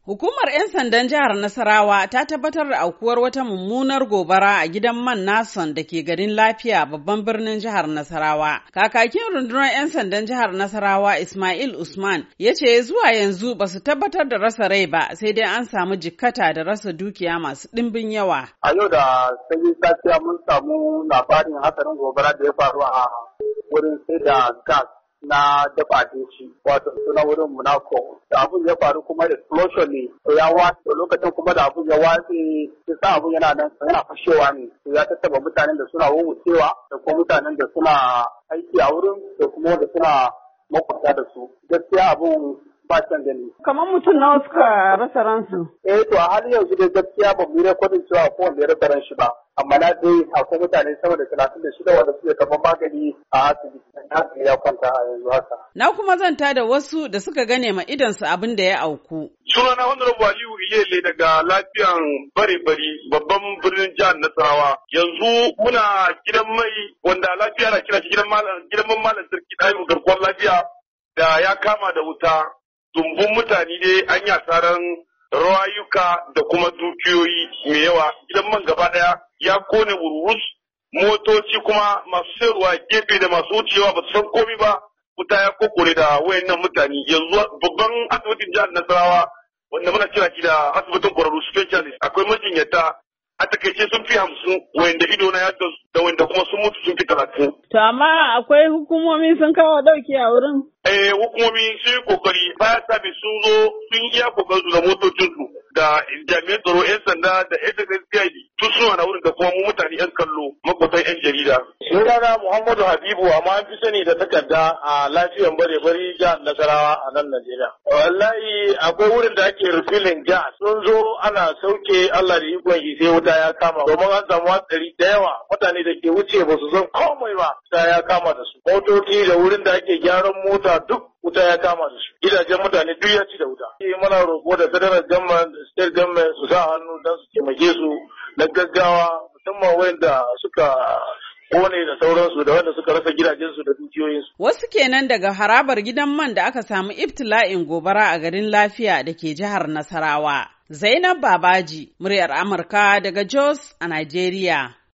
Hukumar 'yan sandan jihar Nasarawa ta tabbatar da aukuwar wata mummunar gobara a gidan man Nason da ke garin lafiya babban birnin jihar Nasarawa. Kakakin rundunar 'yan sandan jihar Nasarawa Ismail Usman ya ce zuwa yanzu ba su tabbatar da rasa rai ba sai dai an samu jikkata da rasa dukiya masu ɗimbin yawa. A yau da sanyi safiya mun samu labarin hatsarin gobara da ya faru a wurin sai gas na dafa abinci wato suna wurin munako da abun ya faru kuma explosion ne to ya watsa lokacin kuma da abun ya wasu ya sa abun yana nan yana fashewa ne to ya tattaba mutanen da suna wuwucewa da kuma mutanen da suna aiki a wurin da kuma wanda suna makwabta da su gaskiya abun ba can gani. Kamar mutum wasu suka rasa ransu? Eh to a halin yanzu dai gaskiya ba mu yi rekodin cewa ko wanda ya rasa ran shi ba. Amma na dai akwai mutane sama da talatin da shida wanda suke karɓar magani a asibiti. ya kwanta a yanzu haka. Na kuma zanta da wasu da suka gane ma idansu abin da ya auku. Sunana Honorable Aliyu Iyele daga lafiyan bare-bari babban birnin jihar Nasarawa. Yanzu muna gidan mai wanda lafiya na kira gidan gidan malam sarki garkuwar lafiya da ya kama da wuta. Dumbun mutane dai an yi asaran rayuka da kuma dukiyoyi mai yawa gidan man gaba ɗaya ya kone wurwus motoci kuma masu sayarwa gefe da masu wucewa ba su san komi ba wuta ya kokore da wayannan mutane yanzu babban asibitin jihar nasarawa wanda muna kira shi da asibitin kwararru specialist akwai majinyata a takaice sun fi hamsin wayanda ido na ya da wayanda kuma sun mutu sun fi talatin. To amma akwai hukumomi sun kawo dauki a wurin? Eh hukumomi sun yi kokari baya sabi sun zo sun iya kokarin su da motocinsu. da jami'an tsaro 'yan sanda da SSSPID tun suna na wurin da kuma mu mutane yan kallo makwatan yan jarida. Sunana Muhammadu Habibu amma an fi sani da takarda a lafiyan bare bari jihar Nasarawa a nan Najeriya. Wallahi akwai wurin da ake rufilin ja sun zo ana sauke Allah da ikon shi sai wuta ya kama domin an samu hatsari da yawa mutane da ke wuce ba su san komai ba wuta ya kama da su. Motoci da wurin da ake gyaran mota duk wuta ya kama da su gidajen mutane duk ya ci da wuta. Muna roƙo da federal government da state government su sa hannu don su taimake su na gaggawa musamman wanda suka kone da sauransu da wanda suka rasa gidajensu da dukiyoyinsu. Wasu kenan daga harabar gidan man da aka samu ibtila'in gobara a garin lafiya da ke jihar Nasarawa. Zainab Babaji, muryar Amurka daga Jos a Najeriya.